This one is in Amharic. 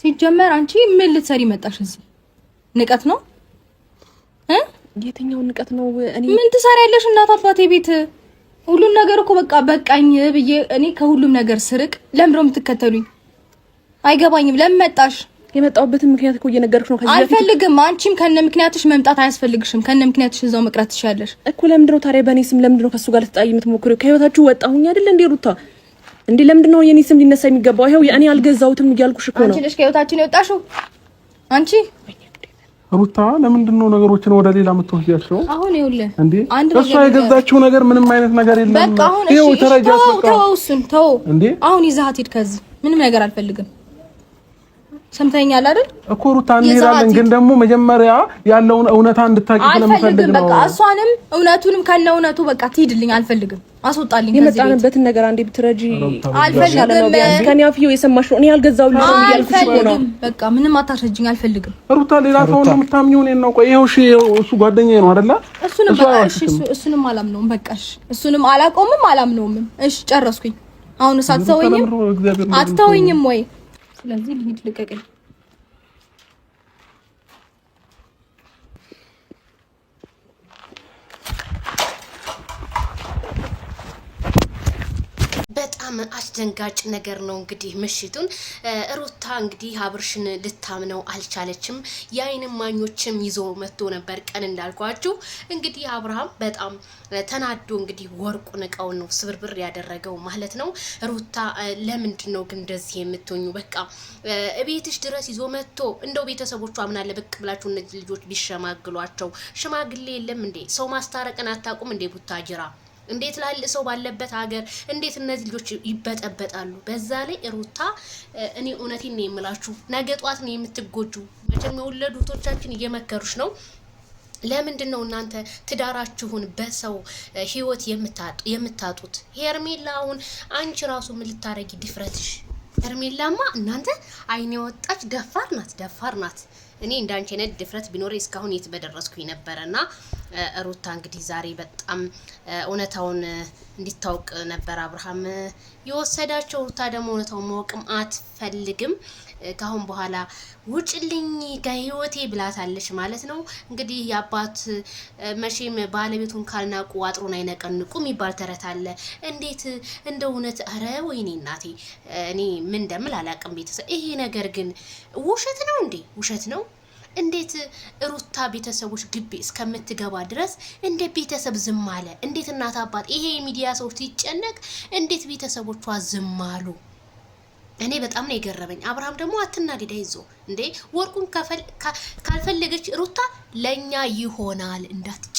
ሲጀመር አንቺ ምን ልትሰሪ መጣሽ እዚህ? ንቀት ነው እ የትኛው ንቀት ነው? እኔ ምን ትሰሪያለሽ? እናት አባቴ ቤት ሁሉም ነገር እኮ በቃ በቃኝ ብዬ እኔ ከሁሉም ነገር ስርቅ ለምን ነው የምትከተሉኝ? አይገባኝም። ለምን መጣሽ? የመጣሁበትን ምክንያት እኮ እየነገርኩሽ ነው። ከዚህ አልፈልግም። አንቺም ከነ ምክንያትሽ መምጣት አያስፈልግሽም። ከነ ምክንያትሽ እዛው መቅረት ትችያለሽ እኮ። ለምንድን ነው ታዲያ በእኔ ስም ለምንድን ነው ከሱ ጋር ልትጣይ የምትሞክሪው? ከህይወታችሁ ወጣሁኝ አይደል እንዴ ሩታ እንዴ ለምንድን ነው የኔ ስም ሊነሳ የሚገባው? ይሄው የእኔ አልገዛሁትም እያልኩሽ እኮ ነው። አንቺ ነሽ ከህይወታችን የወጣሽው አንቺ ሩታ ለምንድን ነው ነገሮችን ወደ ሌላ የምትወስያቸው? አሁን ይኸውልህ እንዴ እሷ የገዛችው ነገር ምንም አይነት ነገር የለም። በቃ አሁን እሺ፣ ተው ተው፣ እሱን ተው እንዴ። አሁን ይዘሃት ሂድ። ከዚህ ምንም ነገር አልፈልግም። ሰምተኛል አይደል እኮ ሩታ፣ እንሄዳለን ግን ደግሞ መጀመሪያ ያለውን እውነታ እንድታቂ ስለምፈልግ ነው። በቃ እሷንም እውነቱንም ከነ እውነቱ በቃ ትሂድልኝ፣ አልፈልግም አስወጣልኝ የመጣንበትን ነገር አንዴ ብትረጂ አልፈልግም። ከኔ አፍ የሰማሽ ነው። እኔ አልገዛሁልሽም እያልኩሽ ነው። በቃ ምንም አታስረጅኝ፣ አልፈልግም። ሩታ ሌላ ሰው ነው የምታምኚው? እኔን ነው? ቆይ ይኸው እሱ ጓደኛዬ ነው አይደለ? እሱንም በቃ እሺ፣ እሱንም አላምነውም። በቃ እሺ፣ እሱንም አላቆምም፣ አላምነውም። እሺ፣ ጨረስኩኝ። አሁንስ አትተወኝም? አትተወኝም ወይ? ስለዚህ ልሂድ፣ ልቀቅኝ። በጣም አስደንጋጭ ነገር ነው። እንግዲህ ምሽቱን ሩታ እንግዲህ አብርሽን ልታምነው አልቻለችም። የአይን ማኞችም ይዞ መጥቶ ነበር። ቀን እንዳልኳችሁ እንግዲህ አብርሃም በጣም ተናዶ እንግዲህ ወርቁን እቃውን ነው ስብርብር ያደረገው ማለት ነው። ሩታ ለምንድን ነው ግን እንደዚህ የምትኙ? በቃ ቤትሽ ድረስ ይዞ መጥቶ እንደው ቤተሰቦቹ አምናለ ብቅ ብላችሁ እነዚህ ልጆች ቢሸማግሏቸው። ሽማግሌ የለም እንዴ? ሰው ማስታረቅን አታውቁም እንዴ? ቡታጅራ እንዴት ላል ሰው ባለበት ሀገር እንዴት እነዚህ ልጆች ይበጠበጣሉ? በዛ ላይ ሩታ እኔ እውነቴን ነው የምላችሁ፣ ነገ ጧት ነው የምትጎጁ። መቼም የወለዱ እህቶቻችን እየመከሩሽ ነው ለምንድን ነው እናንተ ትዳራችሁን በሰው ህይወት የምታጡት? ሄርሜላውን አንቺ ራሱ ምን ልታረጊ ድፍረትሽ? ሄርሜላማ እናንተ አይኔ ወጣች። ደፋር ናት፣ ደፋር ናት። እኔ እንዳንቺ አይነት ድፍረት ቢኖር እስካሁን የት በደረስኩኝ ነበረ። ሩታ እንግዲህ ዛሬ በጣም እውነታውን እንዲታወቅ ነበር አብርሃም የወሰዳቸው። ሩታ ደግሞ እውነታውን ማወቅም አትፈልግም። ካሁን በኋላ ውጭልኝ ከህይወቴ ብላታለች ማለት ነው። እንግዲህ የአባት መቼም ባለቤቱን ካልናቁ አጥሩን አይነቀንቁ የሚባል ተረት አለ። እንዴት እንደ እውነት ኧረ ወይኔ እናቴ እኔ ምን እንደምል ቤተሰብ ይሄ ነገር ግን ውሸት ነው እንዴ? ውሸት ነው እንዴት ሩታ ቤተሰቦች ግቢ እስከምትገባ ድረስ እንደ ቤተሰብ ዝም አለ? እንዴት እናት አባት፣ ይሄ የሚዲያ ሰው ሲጨነቅ እንዴት ቤተሰቦቿ ዝም አሉ? እኔ በጣም ነው የገረመኝ። አብርሃም ደግሞ አትናደድ፣ ይዞ እንዴ ወርቁን ካልፈለገች ሩታ ለእኛ ይሆናል እንዳትጨ